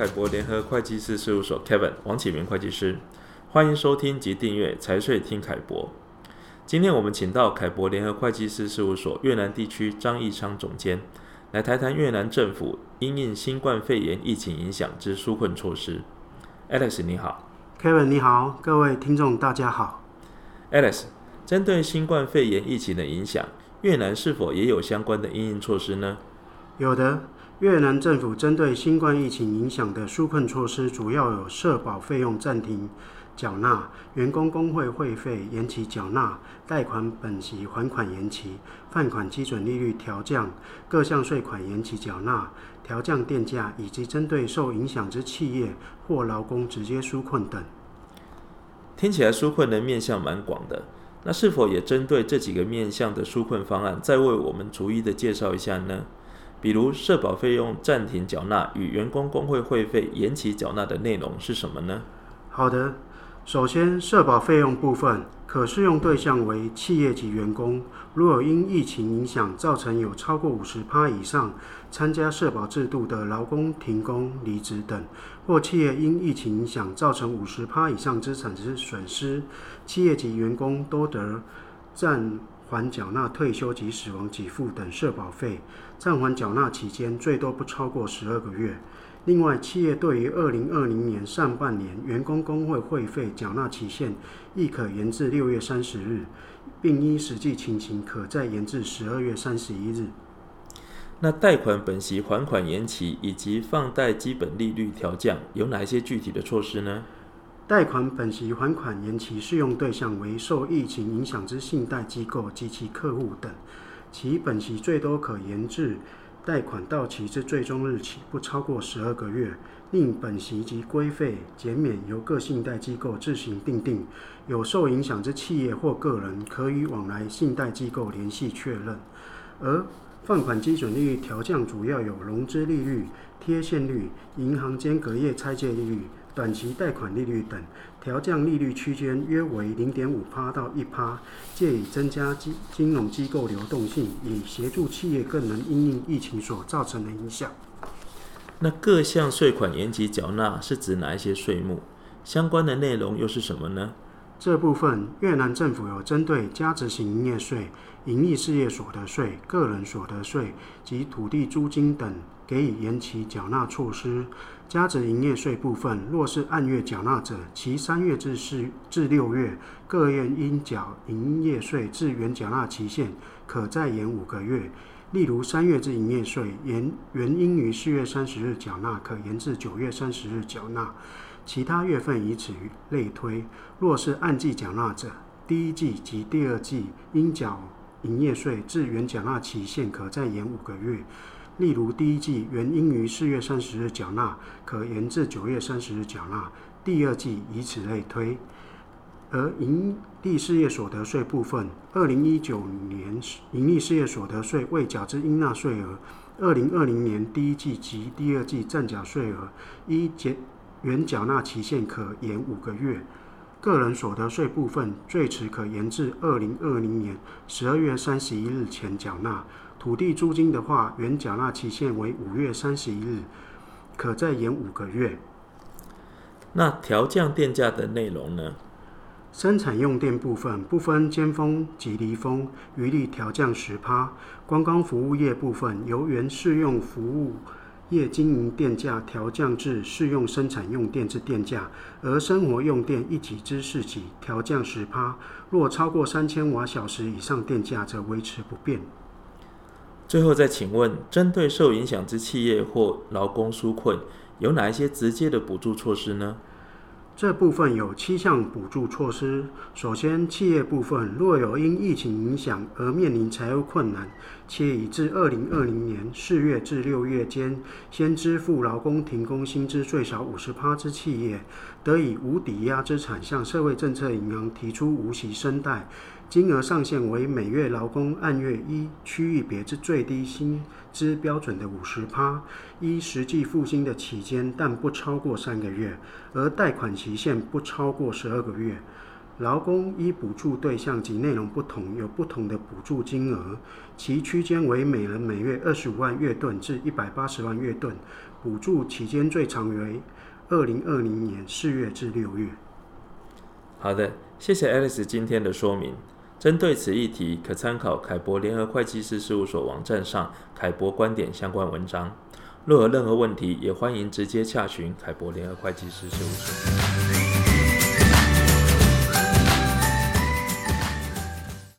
凱博聯合會計師事務所 Kevin 王啟明會計師，歡迎收聽及訂閱財稅聽凱博。今天我們請到凱博聯合會計師事務所越南地區張義昌總監來談談越南政府因應新冠肺炎疫情影響之紓困措施。Alex 你好，Kevin 你好，各位聽眾大家好。Alex 針對新冠肺炎疫情的影響，越南是否也有相關的因應措施呢？有的，越南政府針對新冠疫情影響的紓困措施，主要有社保費用暫停繳納、員工工會會費延期繳納、貸款本息還款延期、放款基準利率調降、各項稅款延期繳納、調降電價，以及針對受影響之企業或勞工直接紓困等。聽起來紓困的面向蠻廣的，那是否也針對這幾個面向的紓困方案，再為我們逐一的介紹一下呢？比如社保費用暫停繳納與員工工會會費延期繳納的內容是什麼呢？好的，首先社保費用部分可適用對象為企業及員工，如有因疫情影響造成有超過五十趴以上參加社保制度的勞工停工、離職等，或企業因疫情影響造成五十趴以上資產之損失，企業及員工都得占，還繳納退休及死亡給付等社保費，暫緩繳,繳納期間最多不超過十二個月。另外，企業對於二零二零年上半年員工工會會費繳納期限亦可延至六月三十日，並依實際情形可再延至十二月三十一日。那貸款本息還款延期以及放貸基本利率調降有哪些具體的措施呢？貸款本息還款延期適用對象為受疫情影響之信貸機構及其客戶等，其本息最多可延至貸款到期之最終日期，不超過十二個月。另本息及規費減免由各信貸機構自行訂定，有受影響之企業或個人可與往來信貸機構聯繫確認。而放款基準利率調降主要有融資利率、貼現率、銀行間隔夜拆借利率。短期貸款利率等調降利率區間約為零點五趴到一趴，借以增加金金融機構流動性，以協助企業更能因應疫情所造成的影響。那各項稅款延期繳納是指哪一些稅目？相關的內容又是什麼呢？這部分越南政府有針對加值型營業稅、營利事業所得稅、個人所得稅及土地租金等，給予延期繳納措施。加值營業稅部分，若是按月繳納者，其三月至四至六月各月應應繳營業稅至原繳納期限，可再延五個月。例如，三月之營業稅延原原應於四月三十日繳納，可延至九月三十日繳納。其他月份以此類推。若是按季繳納者，第一季及第二季應繳營業稅至原繳納期限，可再延五個月。例如，第一季原應於四月三十日繳納，可延至九月三十日繳納；第二季以此類推。而營利事業所得稅部分，二零一九年營利事業所得稅未繳之應納稅額，二零二零年第一季及第二季暫繳稅額一減。原繳納期限可延五個月，個人所得稅部分最遲可延至二零二零年十二月三十一日前繳納。土地租金的話，原繳納期限為五月三十一日，可再延五個月。那調降電價的內容呢？生產用電部分不分尖峰及離峰，一律調降十趴；觀光服務業部分由原適用服務。業經營電價調降至適用生產用電之電價，而生活用電一級至四級調降十趴。若超過三千瓦小時以上，電價則維持不變。最後再請問，針對受影響之企業或勞工紓困，有哪一些直接的補助措施呢？這部分有七項補助措施。首先，企業部分若有因疫情影響而面臨財務困難，且已至2020年四月至六月間先支付勞工停工薪資最少50%之企業，得以無抵押資產向社會政策銀行提出無息申貸。金額上限為每月勞工按月依區域別之最低薪資標準的五十%，依實際付薪的期間，但不超過三個月，而貸款期限不超過十二個月。勞工依補助對象及內容不同，有不同的補助金額，其區間為每人每月二十五萬月盾至一百八十萬月盾，補助期間最長為二零二零年四月至六月。好的，謝謝 Alice 今天的說明。針對此議題，可參考凱博聯合會計師事務所網站上凱博觀點相關文章。若有任何問題，也歡迎直接洽詢凱博聯合會計師事務所。